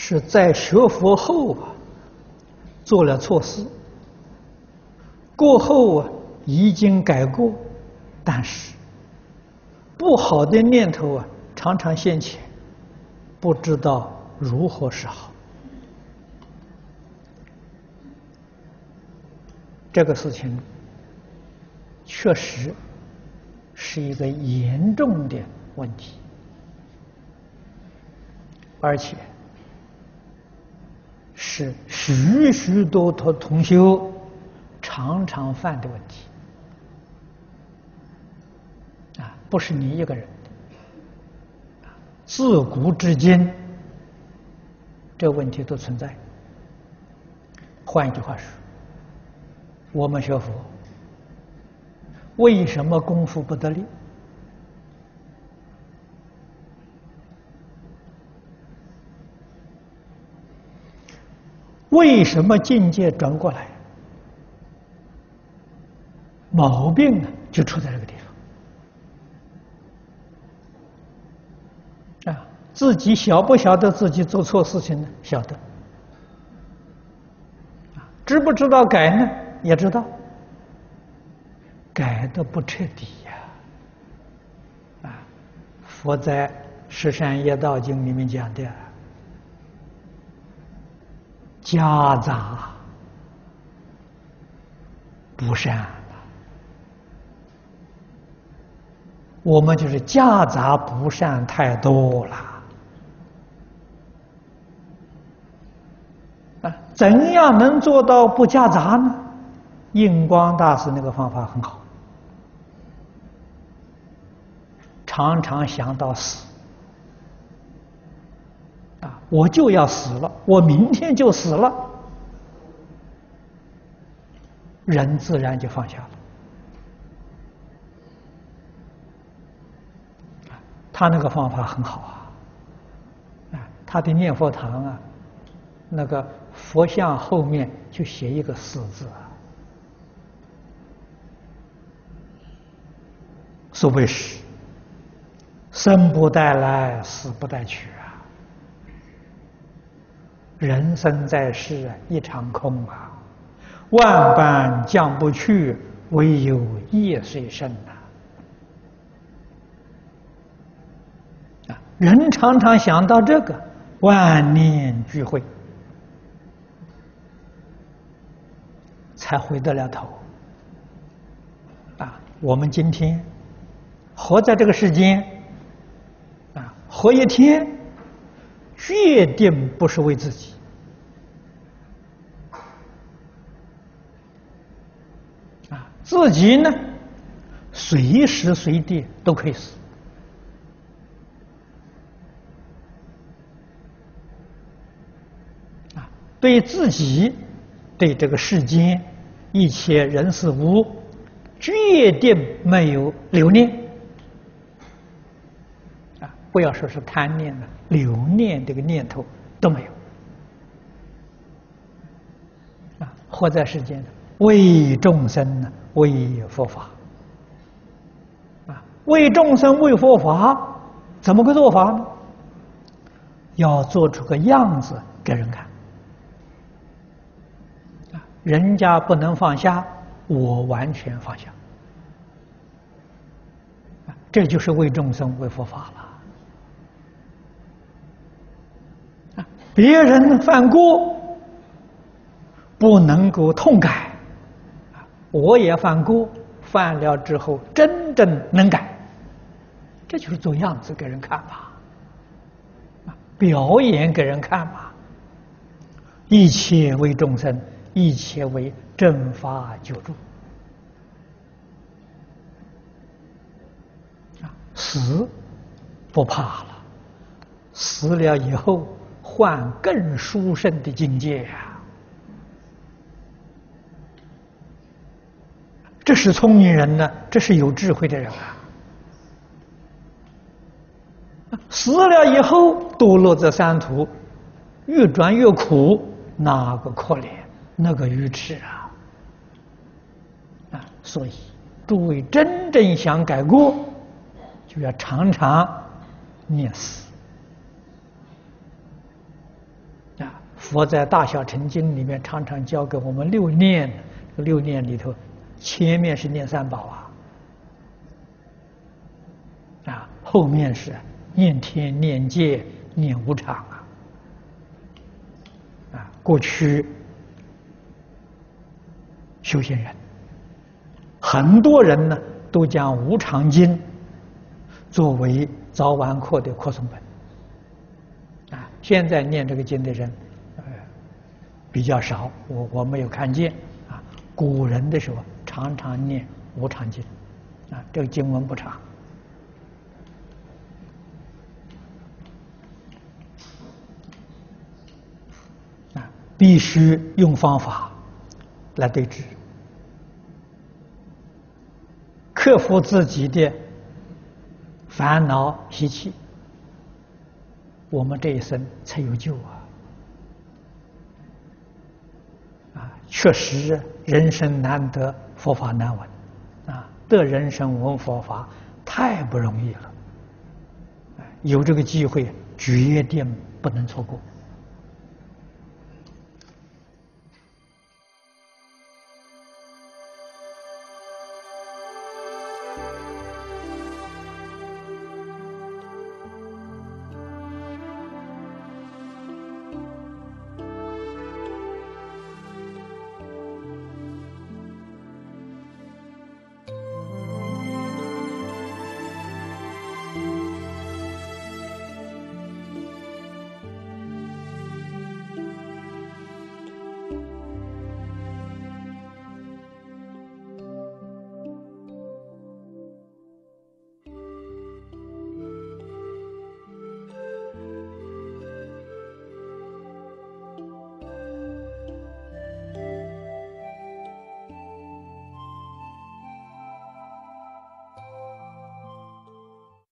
是在學佛後啊，做了錯事，過後啊，已經改過，但是，不好的念頭啊，常常現前，不知道如何是好。這個事情，確實，是一個嚴重的問題，而且。是許許多多同修常常犯的問題，啊，不是你一個人的。自古至今，這問題都存在。換一句話說，我們學佛，為什麼功夫不得力？為什麼境界轉過來？毛病呢、啊，就出在這個地方。啊，自己曉不曉得自己做錯事情呢？曉得、啊。知不知道改呢？也知道。改的不徹底呀、啊。啊，佛在《十善業道經》裡面講的、啊。夾雜不善，我們就是夾雜不善太多了。啊，怎樣能做到不夾雜呢？印光大師那個方法很好，常常想到死。我就要死了，我明天就死了，人自然就放下了。他那個方法很好啊，他的念佛堂啊，那個佛像後面就寫一個“死”字啊，所謂“死，生不帶來，死不帶去”啊。人生在世一場空啊，萬般將不去，唯有業隨身吶。啊，人常常想到這個，萬念俱灰，才回得了頭。啊，我們今天活在這個世間，啊，活一天。決定不是為自己，啊，自己呢，隨時隨地都可以死，啊，對自己，對這個世間一切人事物，決定沒有留戀。不要說是貪念了，留念這個念頭都沒有啊！活在世間的為眾生呢，為佛法啊！為眾生、為佛法，怎麼個做法呢？要做出個樣子給人看啊！人家不能放下，我完全放下啊！這就是為眾生、為佛法了。別人犯過，不能夠痛改；我也犯過，犯了之後真正能改，這就是做樣子給人看吧，啊，表演給人看吧。一切為眾生，一切為正法救助。啊，死不怕了，死了以後。換更殊勝的境界呀，啊，這是聰明人呢，啊，這是有智慧的人啊。死了以後墮落這三途，越轉越苦，那個可憐，那個愚癡啊！啊，所以諸位真正想改過，就要常常念死。佛在《大小乘經》裡面常常教給我們六念，六念裡頭，前面是念三寶啊，啊，後面是念天、念戒、念無常啊，啊，過去修行人，很多人呢都將《無常經》作為早晚課的課誦本，啊，現在念這個經的人。比較少，我我沒有看見啊。古人的時候常常念無常經，啊，這個經文不長啊，必須用方法來對治，克服自己的煩惱習氣，我們這一生才有救啊。確實，人生難得佛法難聞，啊，得人生聞佛法太不容易了，有這個機會，絕對不能錯過。